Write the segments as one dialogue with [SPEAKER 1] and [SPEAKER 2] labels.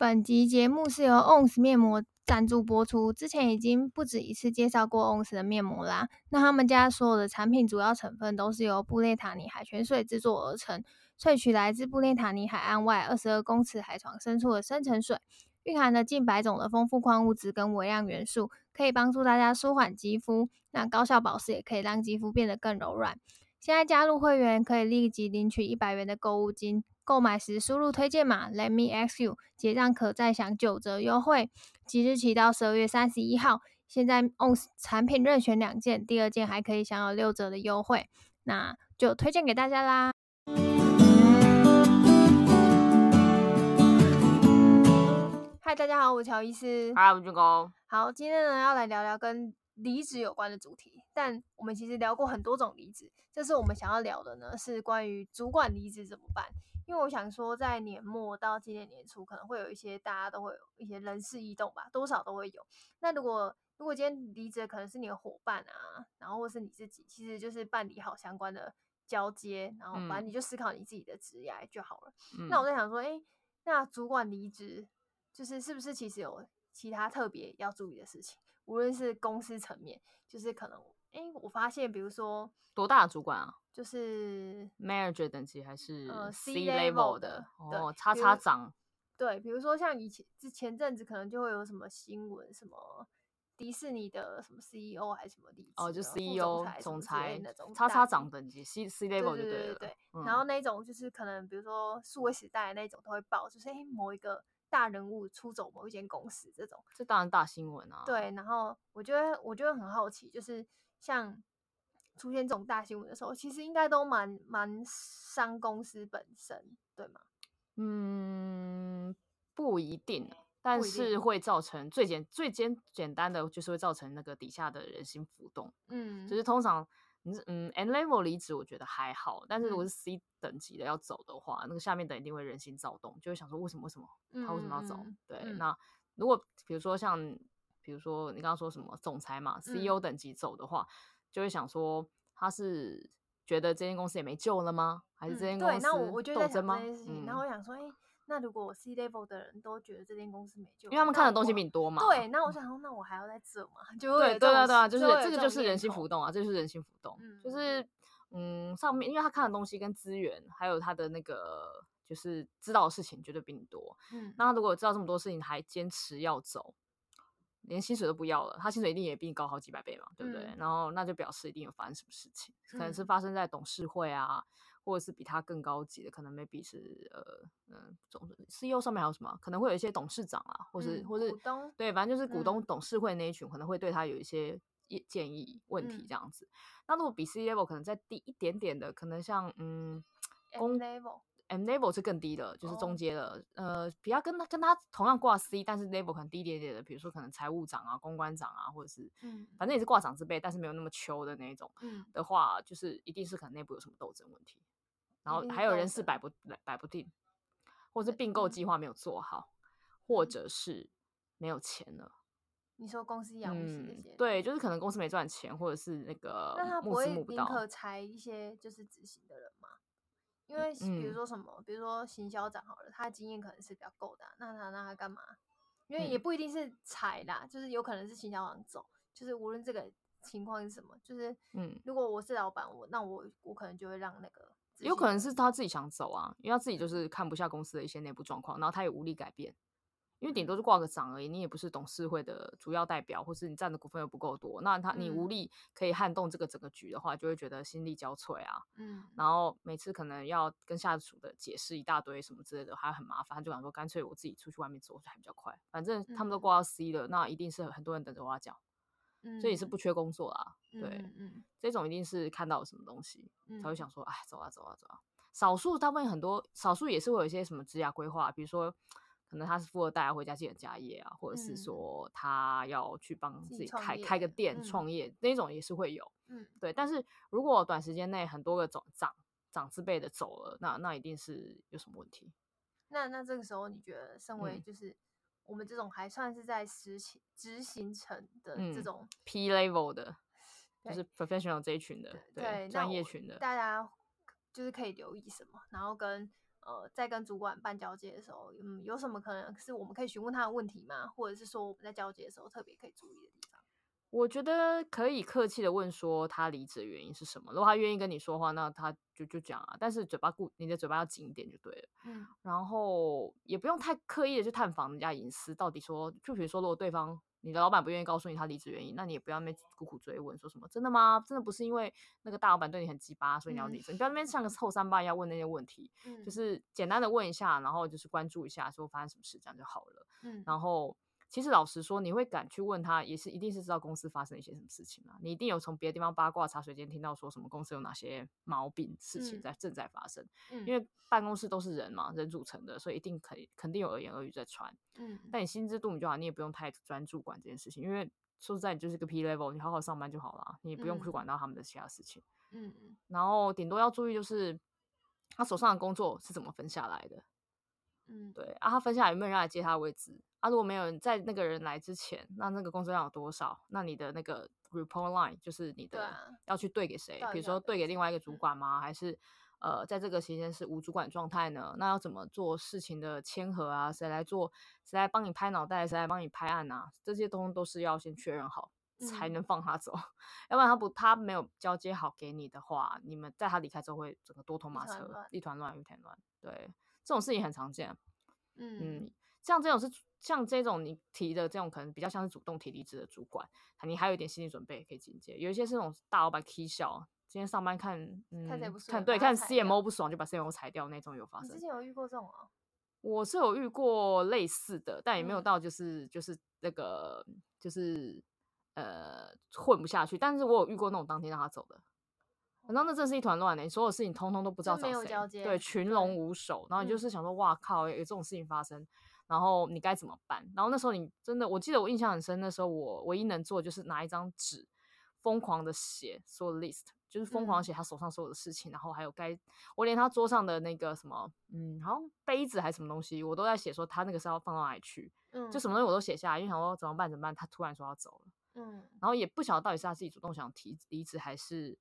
[SPEAKER 1] 本集節目是由 Own's 面膜贊助播出。之前已經不止一次介紹過 Own's 的面膜啦。那他們家所有的產品主要成分都是由布列塔尼海泉水製作而成，萃取來自布列塔尼海岸外二十二公尺海床深處的深層水，蘊含了近百種的豐富礦物質跟微量元素，可以幫助大家舒緩肌膚，那高效保濕也可以讓肌膚變得更柔軟。現在加入會員可以立即領取一百元的購物金，購買時輸入推薦碼 Let me ask you，結賬可再享九折優惠，即日起到十二月三十一號。現在 Own's 產品任選兩件，第二件還可以享有六折的優惠，那就推薦給大家啦。嗨，大家好，我是喬伊斯。Hello，Jingle。好，今天呢要來聊聊跟離職有關的主題，但我們其實聊過很多種離職。這是我們想要聊的呢，是關於主管離職怎麼辦？因為我想說，在年末到今年年初，可能會有一些大家都會有一些人事異動吧，多少都會有。那如果如果今天離職可能是你的夥伴啊，然後或是你自己，其實就是辦理好相關的交接，然後反正你就思考你自己的職業就好了、嗯。那我在想說，誒、欸，那主管離職就是是不是其實有其他特別要注意的事情？無論是公司層面，就是可能，哎、欸，我發現，比如說
[SPEAKER 2] 多大的主管啊？就是 manager 等級還是 C level 的，呃，C level 的哦，叉叉長。
[SPEAKER 1] 對，比如說像以前之前陣子，可能就會有什麼新聞，什麼迪士尼的什麼 CEO 還是什麼的哦，就 CEO 總裁，總裁那種叉叉長
[SPEAKER 2] 等級 C C level 就對了。對對對對。嗯、然後
[SPEAKER 1] 那種就是可能，比如說數位時代的那種都會報，就是哎、欸、某一個。大人物出走某一間公司這，這種這當然大新聞啊。對，然後我覺得我覺得很好奇，就是像出現這種大新聞的時候，其實應該都蠻蠻傷公司本身，對嗎？嗯，
[SPEAKER 2] 不一定，但是會造成最簡最簡簡單的就是會造成那個底下的人心浮動。嗯，就是通常。你嗯，N level 離職我覺得還好，但是如果是 C 等級的要走的話，嗯、那個下面的一定會人心躁動，就會想說為什麼為什麼、
[SPEAKER 1] 嗯、他為什麼要走？嗯、對、嗯，那
[SPEAKER 2] 如果比如說像比如說你剛剛說什麼總裁嘛，CEO 等級走的話、嗯，就會想說他是覺得這間公司也沒救了嗎？還是這間公司鬥、嗯、爭嗎？那
[SPEAKER 1] 我想說，誒、欸。那如果 C level 的人都覺得這間公司沒救，因為他們看的東西比你多嘛。對、嗯，那我想說，那我還要在這嘛？就會這對對對對啊，就是、就是、這個就是人心浮
[SPEAKER 2] 動啊，這，這就是人心浮
[SPEAKER 1] 動。嗯、就是嗯，上
[SPEAKER 2] 面因為他看的東西跟資源，還有他的那個就是知道的事情絕對比你多。嗯、那他如果知道這麼多事情還堅持要走，連薪水都不要了，他薪水一定也比你高好幾百倍嘛，對不對？嗯、然後那就表示一定有發生什麼事情，可能是發生在董事會啊。嗯或者是比他更高級的，可能 maybe 是呃嗯總之 CEO 上面還有什麼？可能會有一些董事長啊，或是、嗯、或是股東對，反正就是股東董事會那一群、嗯、可能會對他有一些建議問題這樣子。嗯、那如果比 C Level 可能再低一點點的，可能像嗯
[SPEAKER 1] 公 level
[SPEAKER 2] M level 是更低的，就是中間的，oh. 呃比較跟他跟他同樣掛 C，但是 level 可能低一點點的，比如說可能財務長啊、公關長啊，或者是、嗯、反正也是掛長之輩，但是沒有那麼 Q 的那一種的話、嗯，就是一定是可能內部有什麼鬥爭問題。然後還有人是擺不來擺不定，或是併購計劃沒有做好，或者是沒有錢了。
[SPEAKER 1] 你說公司養不起那些？
[SPEAKER 2] 對，就是可能公司沒賺錢，或者是那個……那他不會寧可
[SPEAKER 1] 裁一些就是執行的人嗎？嗯、因為比如說什麼、嗯，比如說行銷長好了，他的經驗可能是比較夠的，那他那他幹嘛？因為也不一定是裁啦、嗯，就是有可能是行銷長走。就是無論這個情況是什麼，就是嗯，如果我是老板，我那我我可能就會讓那個。有可能是
[SPEAKER 2] 他自己想走啊，因為他自己就是看不下公司的一些內部狀況，然後他也無力改變，因為頂多是掛個掌而已，你也不是董事會的主要代表，或是你占的股份又不夠多，那他你無力可以撼動這個整個局的話，就會覺得心力交瘁啊。嗯，然後每次可能要跟下屬的解釋一大堆什麼之類的，還很麻煩，他就想說乾脆我自己出去外面走，還比較快，反正他們都掛到 C 了，那一定是很多人等着挖角。所以也是不缺工作啊，嗯、對，嗯嗯、這一種一定是看到什麼東西、嗯、才會想說，哎，走啊走啊走啊。少數大部分很多，少數也是會有一些什麼職涯規劃，比如說可能他是富二代回家繼承家業啊、嗯，或者是說他要去幫自己開自己創開個店創業，嗯、那種也是會有、嗯。對。但是如果短時間內很多個總長長字輩的走了，那那一定是有什麼問題。
[SPEAKER 1] 那那這個時候，你覺得身為就是、嗯？我們這種還算是在實行執行層的這種、
[SPEAKER 2] 嗯、P level 的，就是 professional 這一群的，對，對專業群的，大
[SPEAKER 1] 家就是可以留意什麼，然後跟呃在跟主管辦交接的時候，嗯，有什麼可能是我們可以詢問他的問題嗎？或者是說我們在交接的時候特別可以注意的地方？
[SPEAKER 2] 我覺得可以客氣的問說，他離職的原因是什麼。如果他願意跟你說話，那他就就講啊。但是嘴巴固，你的嘴巴要緊一點就對了。嗯、然後也不用太刻意的去探訪人家隱私，到底說，就比如說，如果對方你的老板不願意告訴你他離職原因，那你也不要那邊苦苦追問，說什麼真的嗎？真的不是因為那個大老板對你很雞巴、嗯，所以你要離職？你不要那邊像個臭三八一樣問那些問題、嗯。就是簡單的問一下，然後就是關注一下，說，發生什麼事，這樣就好了。嗯、然後。其實老實說，你會敢去問他，也是一定是知道公司發生一些什麼事情了。你一定有從別的地方八卦茶水間聽到說什麼公司有哪些毛病，事情在、嗯、正在發生、嗯。因為辦公室都是人嘛，人組成的，所以一定可以肯定有耳言耳語在傳、嗯。但你心知肚明就好，你也不用太專注管這件事情。因為說實在，你就是個 P level，你好好上班就好了，你也不用去管到他們的其他事情。嗯嗯、然後頂多要注意就是他手上的工作是怎麼分下來的。嗯，對啊，他分下來有沒有人來接他位置？啊，如果沒有人在那個人來之前，那那個工作量有多少？那你的那個 report line 就是你的、啊、要去對給誰？比如說對給另外一個主管嗎？嗯、還是呃，在這個期間是無主管狀態呢？那要怎麼做事情的簽核啊？誰來做？誰來幫你拍腦袋？誰來幫你拍案啊？這些東西都是要先確認好，才能放他走。嗯、要不然他不他沒有交接好給你的話，你們在他離開之後會整個多頭馬車，一團亂一團亂。對。這種事情很常見，嗯，嗯，像這種是像這種你提的這種可能比較像是主動提離職的主管，你還有一點心理準備可以警戒。有一些是那種大老板 K 小，今天上班看嗯，不看，對，看 CMO 不爽，就把 CMO 裁掉那種有發生。你之
[SPEAKER 1] 前有遇過這種哦？
[SPEAKER 2] 我是有遇過類似的，但也沒有到就是就是，那個就是呃混不下去。但是我有遇過那種當天讓他走的。反正那真是一團亂你、欸、所有的事情通通都不知道找誰，沒有交接對，群龍無首。然後你就是想說，嗯、哇靠，有這種事情發生，然後你該怎麼辦？然後那時候你真的，我記得我印象很深，那時候我唯一能做的就是拿一張紙，瘋狂的寫所有 list，就是瘋狂寫他手上所有的事情，嗯、然後還有該我連他桌上的那個什麼，嗯，好像杯子還是什麼東西，我都在寫說他那個是要放到哪裡去，嗯，就什麼東西我都寫下來，因為想說怎麼辦怎麼辦？他突然說要走
[SPEAKER 1] 了，
[SPEAKER 2] 嗯，然後也不曉得到底是他自己主動想提離職還是。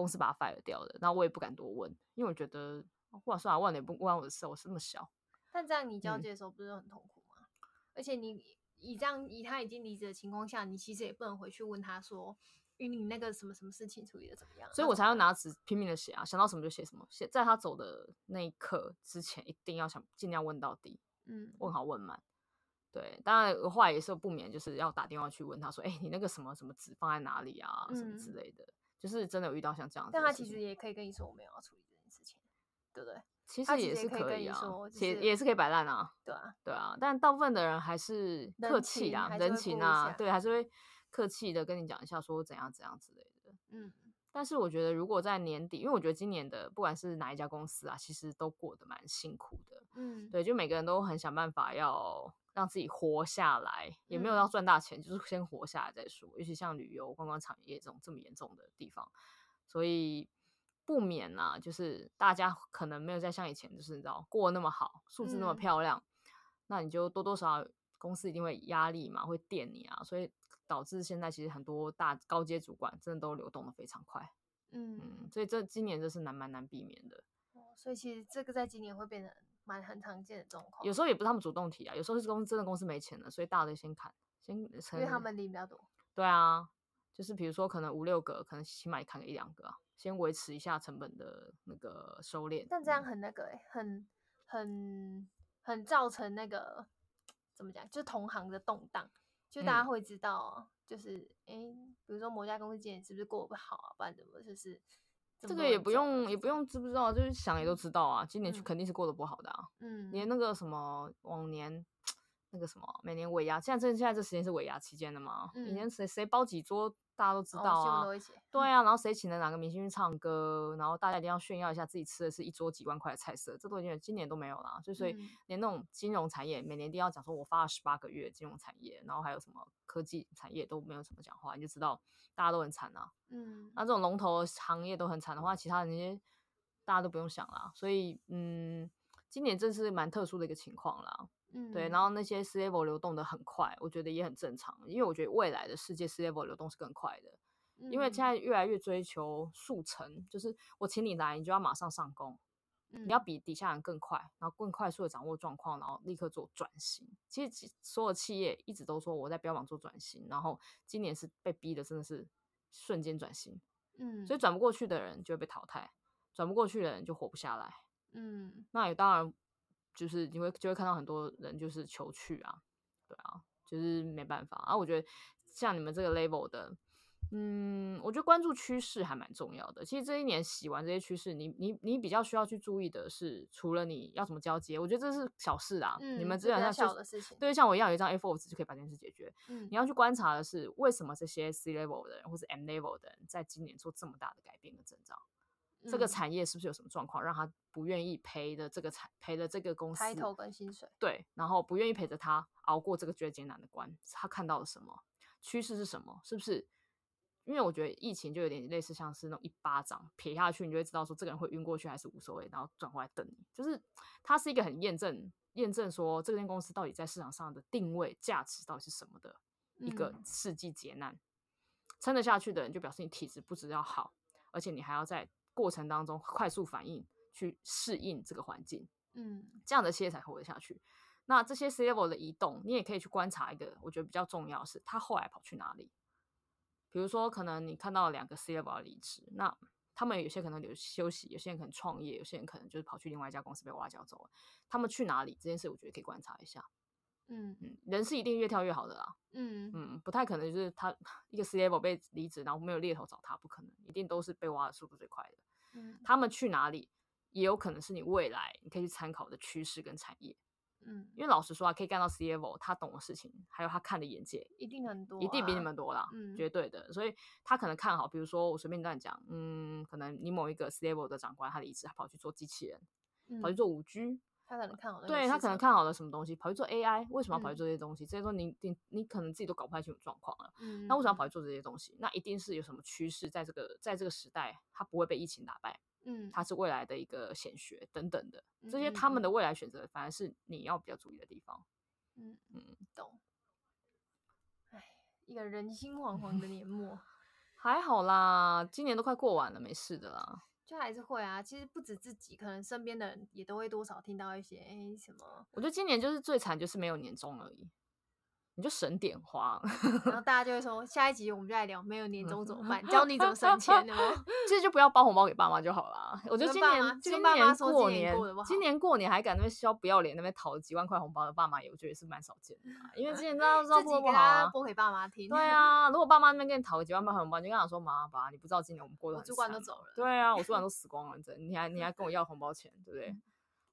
[SPEAKER 2] 公司把他 fire 掉了，那我也不敢多問，因為我覺得，哇，算了，問也不關我的事，我是那麼小。
[SPEAKER 1] 但這樣你交接的時候不是很痛苦嗎？嗯、而且你以這樣以他已經離職的情況下，你其實也不能回去問他說，與你那個什麼什麼事情處理的怎麼樣？所以我才
[SPEAKER 2] 要拿紙拼命的寫啊、嗯，想到什麼就寫什麼。寫在他走的那一刻之前，一定要想盡量問到底，嗯，問好問滿。對，當然話也是不免就是要打電話去問他說，哎、嗯，你那個什麼什麼紙放在哪裡啊，什麼之類的。嗯就是真的有遇到像這樣子，但他其實
[SPEAKER 1] 也可以跟你說我沒有要處理這件事情，對不對？其實也是可以跟你說，也也是可以擺爛啊，啊，對啊，對
[SPEAKER 2] 啊。但大部分的人還是客氣啊，人，人情啊，對，還是會客氣的跟你講一下，說怎樣怎樣之類的，嗯。但是我覺得，如果在年底，因為我覺得今年的不管是哪一家公司啊，其實都過得蠻辛苦的。
[SPEAKER 1] 嗯，對，
[SPEAKER 2] 就每個人都很想辦法要讓自己活下來，也沒有要賺大錢、嗯，就是先活下來再說。尤其像旅遊觀光產業這種這麼嚴重的地方，所以不免呢、啊，就是大家可能沒有再像以前就是你知道過得那麼好，數字那麼漂亮，嗯、那你就多多少少。公司一定會壓力嘛，會電你啊，所以導致現在其實很多大高階主管真的都流動的非常快
[SPEAKER 1] 嗯，嗯，
[SPEAKER 2] 所以這今年這是難蠻難避免的、
[SPEAKER 1] 哦。所以其實這個在今年會變成蠻很常見的狀況。有
[SPEAKER 2] 時候也不是他們主動提啊，有時候是公真的公司沒錢了，所以大的先砍，先成，因為他們人比較多。對啊，就是比如說可能五六個，可能起碼砍一兩個一兩個先維持一下成本的那個收斂。但
[SPEAKER 1] 這樣很那個哎、欸嗯，很很很造成那個。怎麼講？就是、同行的動盪，就大家會知道、哦嗯、就是誒，比如說某家公司今年是不是過不好、啊，不然怎麼，就是這個也不用、
[SPEAKER 2] 就是、也不用知不知道，就是想也都知道啊。嗯、今年去肯定是過得不好的啊。
[SPEAKER 1] 嗯，連
[SPEAKER 2] 那個什麼往年那個什麼，年、那個、什麼每年尾牙，現在這現在這時間是尾牙期間的嘛？以、嗯、前誰誰包幾桌？大家都知道啊，哦、對啊、嗯、然後誰請了哪個明星去唱歌，然後大家一定要炫耀一下自己吃的是一桌幾萬塊的菜色，這都已經今年都沒有了，所以、嗯、連那種金融產業每年一定要講說我發了十八個月金融產業，然後還有什麼科技產業都沒有怎麼講話，你就知道大家都很慘啊。嗯，那這種龍頭行業都很慘的話，其他的那些大家都不用想了。所以，嗯，今年真是蠻特殊的一個情況了。嗯、對，然後那些 C level 流動的很快，我覺得也很正常，因為我覺得未來的世界 C level 流動是更快的，嗯，因為現在越來越追求速成，就是我請你來，你就要馬上上工，嗯，你要比底下人更快，然後更快速的掌握狀況，然後立刻做轉型。其實所有企業一直都說我在標榜做轉型，然後今年是被逼的，真的是瞬間轉型，嗯。所以轉不過去的人就會被淘汰，轉不過去的人就活不下來。嗯，那也當然。就是因為就會看到很多人就是求去啊，對啊，就是沒辦法啊。我覺得像你們這個 level 的，嗯，我覺得關注趨勢還蠻重要的。其實這一年洗完這些趨勢，你你你比較需要去注意的是，除了你要怎麼交接，我覺得這是小事啊。嗯，你們只要小的事情，對，像我一樣有一張 A4 紙就可以把這件事解決，嗯。你要去觀察的是，為什麼這些 C level 的人或者 M level 的人在今年做這麼大的改變跟增長？這個產業是不是有什麼狀況，嗯、讓他不願意賠的這個產，賠的這個公司，抬頭跟薪水對，然後不願意陪着他熬過這個最艱難的關。他看到了什麼？趨勢是什麼？是不是？因為我覺得疫情就有點類似，像是那種一巴掌撇下去，你就會知道說這個人會暈過去還是無所謂。然後轉過來等瞪你，就是他是一個很驗證驗證說這間公司到底在市場上的定位價值到底是什麼的一個世紀劫難。嗯、撐得下去的人，就表示你體質不只要好，而且你還要在。過程當中快速反應去適應這個環境，
[SPEAKER 1] 嗯，這
[SPEAKER 2] 樣的企業才活得下去。那這些 C level 的移動，你也可以去觀察一個，我覺得比較重要是，他後來跑去哪裡？比如說，可能你看到兩個 C level 離職，那他們有些可能留休息，有些人可能創業，有些人可能就是跑去另外一家公司被挖角走了。他們去哪裡這件事，我覺得可以觀察一下。嗯嗯，人是一定越跳越好的啦。嗯嗯，不太可能就是他一個 C level 被離職，然後沒有獵頭找他，不可能，一定都是被挖的速度最快的。他們去哪裡，也有可能是你未來你可以去參考的趨勢跟產業。嗯，
[SPEAKER 1] 因為
[SPEAKER 2] 老實說啊，可以幹到 c e o，他懂的事情還有他看的眼界，一
[SPEAKER 1] 定很多、啊，一定比你們多
[SPEAKER 2] 啦、嗯，絕對的。所以他可能看好，比如說我隨便這樣講，嗯，可能你某一個 c e o 的長官，他的意思，他跑去做機器人、嗯，跑去做五 G。
[SPEAKER 1] 他可能看好了，對，他可能看好
[SPEAKER 2] 了什麼東西，跑去做 AI，為什麼要跑去做這些東西？所以說，你你你可能自己都搞不太清楚狀況了、嗯。那為什麼跑去做這些東西？那一定是有什麼趨勢，在這個在這個時代，它不會被疫情打敗。嗯，它是未來的一個顯學等等的、嗯，這些他們的未來選擇，反而是你要比較注意的地方。嗯嗯，懂。
[SPEAKER 1] 哎，一個人心惶惶的年末、
[SPEAKER 2] 嗯，還好啦，今年都快過完了，沒事的啦。
[SPEAKER 1] 就還是會啊，其實不止自己，可能身邊的人也都會多少聽到一些，哎、欸、什麼。
[SPEAKER 2] 我覺得今年就是最慘，就是沒有年終而已。你就省點花， 然後
[SPEAKER 1] 大家就會說下一集我們就來聊沒有年終怎麼辦、嗯，教你怎麼省錢
[SPEAKER 2] 哦。 其實就不要包紅包給爸媽就好了。我覺得我就今年今年過年，今年過年還敢那邊削不要臉那邊討了幾萬塊紅包的爸媽，我覺得也是蠻少見的、啊嗯。因為今年大家知道知道不好啊，給他播
[SPEAKER 1] 給爸媽聽。對啊，如果爸媽那邊跟
[SPEAKER 2] 你討了幾萬塊紅包，你就跟他說，媽媽，你不知道今年我們過得很慘、啊，我主管都走了。對啊，我主管都死光了， 你還你還跟我要紅包錢，對不、嗯、對？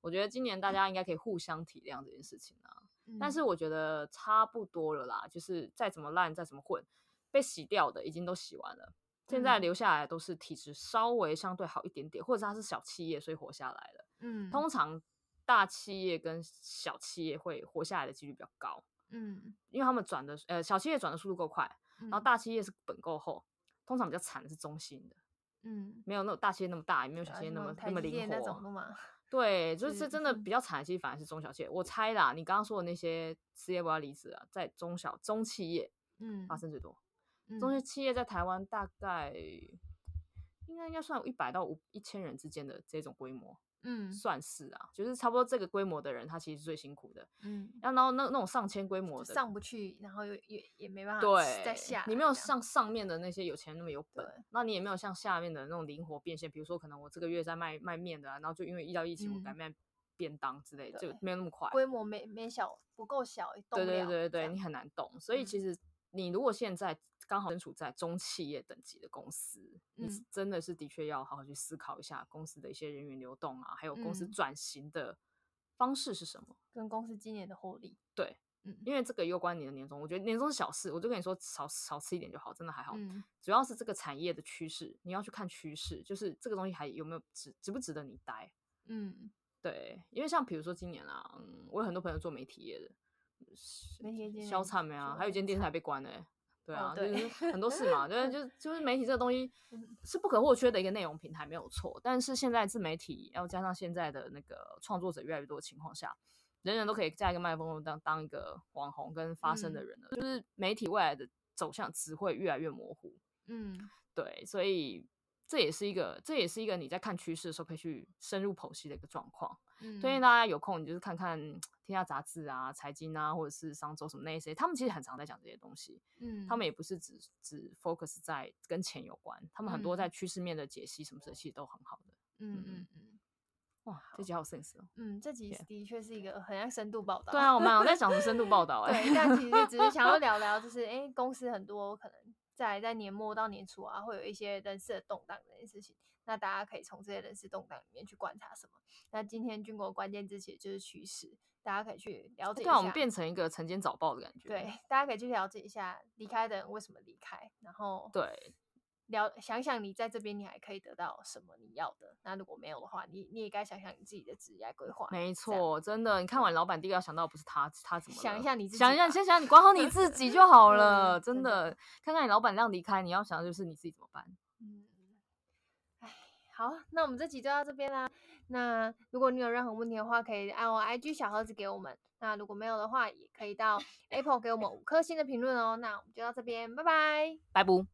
[SPEAKER 2] 我覺得今年大家應該可以互相體諒這件事情啊。但是我覺得差不多了啦，嗯、就是再怎麼爛再怎麼混，被洗掉的已經都洗完了，嗯、現在留下來都是體質稍微相對好一點點，或者它是,是小企業所以活下來
[SPEAKER 1] 了。嗯，通常
[SPEAKER 2] 大企業跟小企業會活下來的幾率比較高。嗯，因為他們轉的呃小企業轉的速度夠快、嗯，然後大企業是本夠厚，通常比較慘的是中型的。嗯，沒有那種大企業那麼大，也沒有小企業那麼,麼業那麼靈活、啊。對，就是這真的比較慘兮，其實反而是中小企業、業、嗯，我猜啦，你剛剛說的那些企業不要離職啊，在中小中企業，發生最多。嗯嗯、中小企業在台灣大概應該應該算1一百到五一千人之間的這種規模。嗯，算是啊，就是差不多這個規模的人，他其實是最辛苦的。嗯，然後那那種上千規模的上
[SPEAKER 1] 不去，然後又也也，也沒辦法對在下。你沒
[SPEAKER 2] 有像上面的那些有錢那麼有本，那你也沒有像下面的那種靈活變現，比如說可能我這個月在賣賣麵的，啊，然後就因為遇到疫情，我改賣便當之類的，嗯，就沒有那麼快。規
[SPEAKER 1] 模沒沒小不夠小動，對對對
[SPEAKER 2] 對，你很難動。所以其實你如果現在剛好身處在中企業等級的公司。你真的是的確要好好去思考一下公司的一些人員流動啊，還有公司轉型的方式是什麼，
[SPEAKER 1] 跟公司今年的獲利。
[SPEAKER 2] 對、嗯，因為這個又關你的年終，我覺得年終是小事，我就跟你說少少吃一點就好，真的還好、嗯。主要是這個產業的趨勢，你要去看趨勢，就是這個東西還有沒有值，值不值得你待？嗯，對，因為像比如說今年啊，我有很多朋友做媒體業的，小、就、慘、是、沒啊，還有一間電視台被關了、欸。對啊，哦、對 就是很多事嘛，就是就就是媒體這個東西是不可或缺的一個內容平台，沒有錯。但是現在自媒體要加上現在的那個創作者越來越多的情況下，人人都可以在一個麥克風當當一個網紅跟發聲的人了、嗯，就是媒體未來的走向只會越來越模糊。嗯，對，所以這也是一個這也是一個你在看趨勢的時候可以去深入剖析的一個狀況。嗯，所以大家有空你就是看看天下雜誌啊，財經啊，或者是商周什麼那些，他們其實很常在講這些東西。嗯，他們也不是只只 focus 在跟錢有關，嗯、他們很多在趨勢面的解析什麼時候其實都很好的。嗯
[SPEAKER 1] 嗯
[SPEAKER 2] 嗯，哇，這集好 sense 哦、喔。
[SPEAKER 1] 嗯，這集的確是一個很像深度報道。Yeah. 對啊，我本來在想說深度報道、欸，哎， 但其實就只是想要聊聊，就是哎、欸，公司很多可能。在在年末到年初啊，會有一些人事的動盪這件事情，那大家可以從這些人事動盪裡面去觀察什麼。那今天軍國關鍵字詞就是趨勢，大家可以去了解一下。那我們變
[SPEAKER 2] 成一個晨間早報的感覺。對，
[SPEAKER 1] 大家可以去了解一下離開的人為什麼離開，然後對。了，想想你在這邊，你還可以得到什麼你要的？那如果沒有的話，你你也該想想你自己的職業規劃。
[SPEAKER 2] 沒錯，真的，你看完老闆第一個要想到不是他，他怎麼，想一下你自己，想一下，先想，你管好你自己就好了。 真的，真的 看看你老闆讓離開，你要想的就是你自己怎麼辦。嗯，哎、
[SPEAKER 1] 嗯，好，那我們這集就到這邊啦。那如果你有任何問題的話，可以按我 IG 小盒子給我們。那如果沒有的話，也可以到 Apple 給我們五顆星的評論哦。那我們就到這邊，拜拜，
[SPEAKER 2] 拜不。